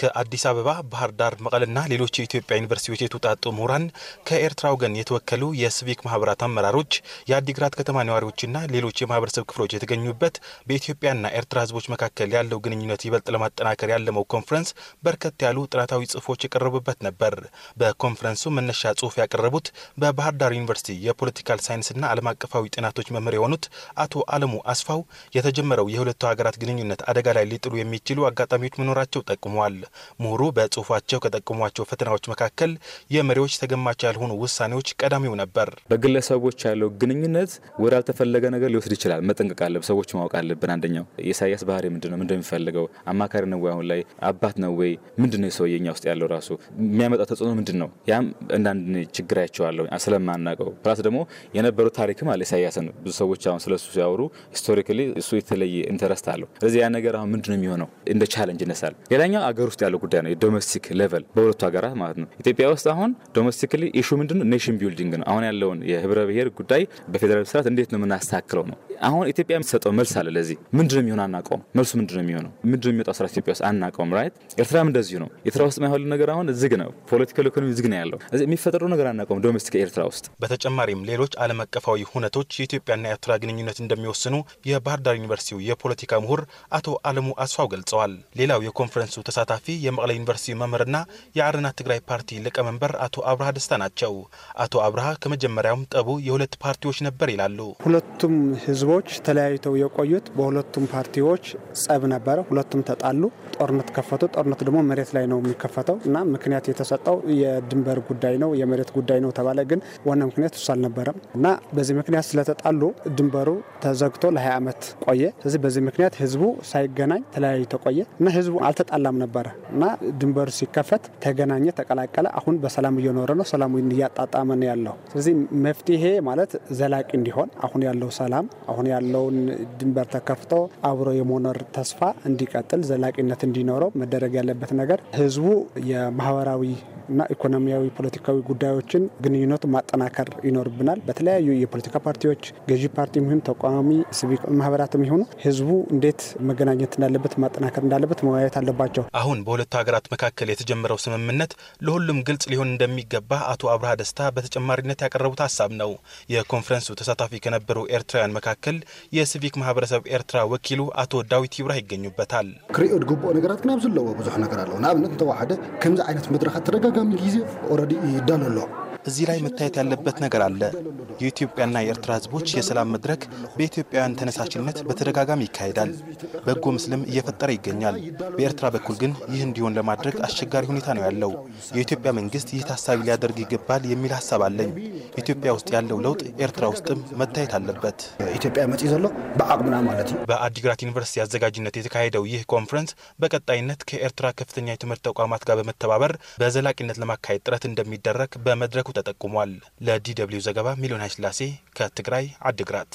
ከአዲስ አበባ፣ ባህር ዳር፣ መቀለና ሌሎች የኢትዮጵያ ዩኒቨርሲቲዎች የተውጣጡ ምሁራን፣ ከኤርትራ ወገን የተወከሉ የሲቪክ ማህበራት አመራሮች፣ የአዲግራት ከተማ ነዋሪዎችና ሌሎች የማህበረሰብ ክፍሎች የተገኙበት በኢትዮጵያና ኤርትራ ህዝቦች መካከል ያለው ግንኙነት ይበልጥ ለማጠናከር ያለመው ኮንፈረንስ በርከት ያሉ ጥናታዊ ጽሁፎች የቀረቡበት ነበር። በኮንፈረንሱ መነሻ ጽሁፍ ያቀረቡት በባህር ዳር ዩኒቨርሲቲ የፖለቲካል ሳይንስና ዓለም አቀፋዊ ጥናቶች መምህር የሆኑት አቶ አለሙ አስፋው የተጀመረው የሁለቱ ሀገራት ግንኙነት አደጋ ላይ ሊጥሉ የሚችሉ አጋጣሚዎች መኖራቸው ጠቁመዋል። ምሁሩ በጽሁፋቸው ከጠቀሟቸው ፈተናዎች መካከል የመሪዎች ተገማች ያልሆኑ ውሳኔዎች ቀዳሚው ነበር። በግለሰቦች ያለው ግንኙነት ወዳልተፈለገ ነገር ሊወስድ ይችላል። መጠንቀቅ አለብን። ሰዎች ማወቅ አለብን። አንደኛው የኢሳያስ ባህሪ ምንድን ነው? ምንድን የሚፈልገው? አማካሪ ነው ወይ? አሁን ላይ አባት ነው ወይ? ምንድን ነው የሰው የኛ ውስጥ ያለው ራሱ የሚያመጣው ተጽዕኖ ምንድን ነው? ያም እንዳንድ ችግር አይቸዋለሁ ስለማናውቀው። ፕላስ ደግሞ የነበረው ታሪክም አለ ኢሳያስን ብዙ ሰዎች አሁን ስለሱ ሲያወሩ ሂስቶሪካሊ እሱ የተለየ ኢንተረስት አለው። ስለዚህ ያ ነገር አሁን ምንድን ነው የሚሆነው እንደ ቻለንጅ ይነሳል። ሌላኛው አገር ውስጥ ያለው ጉዳይ ነው። የዶሜስቲክ ሌቨል በሁለቱ ሀገራት ማለት ነው። ኢትዮጵያ ውስጥ አሁን ዶሜስቲክሊ ኢሹ ምንድን ነው? ኔሽን ቢልዲንግ ነው። አሁን ያለውን የህብረ ብሔር ጉዳይ በፌዴራል ስርዓት እንዴት ነው የምናስተካክለው ነው። አሁን ኢትዮጵያ የምትሰጠው መልስ አለ ለዚህ ምንድነው የሚሆን አናውቀውም። መልሱ ምንድነው የሚሆነው ምንድነው የሚወጣው ስራ ኢትዮጵያ ውስጥ አናውቀውም። ራይት ኤርትራም እንደዚሁ ነው። ኤርትራ ውስጥ ማይሆን ነገር አሁን ዝግ ነው። ፖለቲካል ኢኮኖሚ ዝግ ነው ያለው የሚፈጠረው ነገር አናውቀውም። ዶሜስቲክ ኤርትራ ውስጥ በተጨማሪም ሌሎች ዓለም አቀፋዊ ሁነቶች የኢትዮጵያና የኤርትራ ግንኙነት እንደሚወስኑ የባህር ዳር ዩኒቨርሲቲው የፖለቲካ ምሁር አቶ አለሙ አስፋው ገልጸዋል። ሌላው የኮንፈረንሱ ተሳታፊ ኃላፊ የመቀለ ዩኒቨርሲቲ መምህርና የአረና ትግራይ ፓርቲ ሊቀመንበር አቶ አብርሃ ደስታ ናቸው። አቶ አብርሃ ከመጀመሪያውም ጠቡ የሁለት ፓርቲዎች ነበር ይላሉ። ሁለቱም ህዝቦች ተለያይተው የቆዩት በሁለቱም ፓርቲዎች ጸብ ነበረ። ሁለቱም ተጣሉ፣ ጦርነት ከፈቱ። ጦርነት ደግሞ መሬት ላይ ነው የሚከፈተው እና ምክንያት የተሰጠው የድንበር ጉዳይ ነው የመሬት ጉዳይ ነው ተባለ። ግን ዋና ምክንያት እሱ አልነበረም እና በዚህ ምክንያት ስለተጣሉ ድንበሩ ተዘግቶ ለ20 ዓመት ቆየ። ስለዚህ በዚህ ምክንያት ህዝቡ ሳይገናኝ ተለያዩ ተቆየ እና ህዝቡ አልተጣላም ነበረ እና ድንበሩ ሲከፈት ተገናኘ፣ ተቀላቀለ። አሁን በሰላም እየኖረ ነው። ሰላሙን እያጣጣመ ነው ያለው። ስለዚህ መፍትሄ ማለት ዘላቂ እንዲሆን አሁን ያለው ሰላም አሁን ያለውን ድንበር ተከፍቶ አብሮ የመኖር ተስፋ እንዲቀጥል ዘላቂነት እንዲኖረው መደረግ ያለበት ነገር ህዝቡ የማህበራዊ እና ኢኮኖሚያዊ፣ ፖለቲካዊ ጉዳዮችን ግንኙነቱ ማጠናከር ይኖርብናል። በተለያዩ የፖለቲካ ፓርቲዎች ገዢ ፓርቲ ይሁን ተቃዋሚ ሲቪክ ማህበራትም ይሁኑ ህዝቡ እንዴት መገናኘት እንዳለበት ማጠናከር እንዳለበት መወያየት አለባቸው። አሁን በሁለቱ ሀገራት መካከል የተጀመረው ስምምነት ለሁሉም ግልጽ ሊሆን እንደሚገባ አቶ አብርሃ ደስታ በተጨማሪነት ያቀረቡት ሀሳብ ነው። የኮንፈረንሱ ተሳታፊ ከነበሩ ኤርትራውያን መካከል የሲቪክ ማህበረሰብ ኤርትራ ወኪሉ አቶ ዳዊት ይብራ ይገኙበታል። ክሪኦ ዝግብኦ ነገራት ግን ኣብ ብዙሕ ነገር ኣለዎ ንኣብነት እንተዋሓደ ከምዚ ዓይነት መድረካት ተደጋግ በተደጋጋሚ ጊዜ ኦልሬዲ ይዳለለዋል። እዚህ ላይ መታየት ያለበት ነገር አለ። የኢትዮጵያና የኤርትራ ህዝቦች የሰላም መድረክ በኢትዮጵያውያን ተነሳሽነት በተደጋጋሚ ይካሄዳል። በጎ ምስልም እየፈጠረ ይገኛል። በኤርትራ በኩል ግን ይህ እንዲሆን ለማድረግ አስቸጋሪ ሁኔታ ነው ያለው። የኢትዮጵያ መንግስት ይህ ታሳቢ ሊያደርግ ይገባል የሚል ሀሳብ አለኝ። ኢትዮጵያ ውስጥ ያለው ለውጥ ኤርትራ ውስጥም መታየት አለበት። ኢትዮጵያ መጪ ዘሎ በአቅምና ማለት ነው። በአዲግራት ዩኒቨርሲቲ አዘጋጅነት የተካሄደው ይህ ኮንፈረንስ በቀጣይነት ከኤርትራ ከፍተኛ የትምህርት ተቋማት ጋር በመተባበር በዘላቂነት ለማካሄድ ጥረት እንደሚደረግ በመድረኩ ተጠቁሟል። ለዲ ደብልዩ ዘገባ ሚሊዮን ኃይለሥላሴ ከትግራይ አዲግራት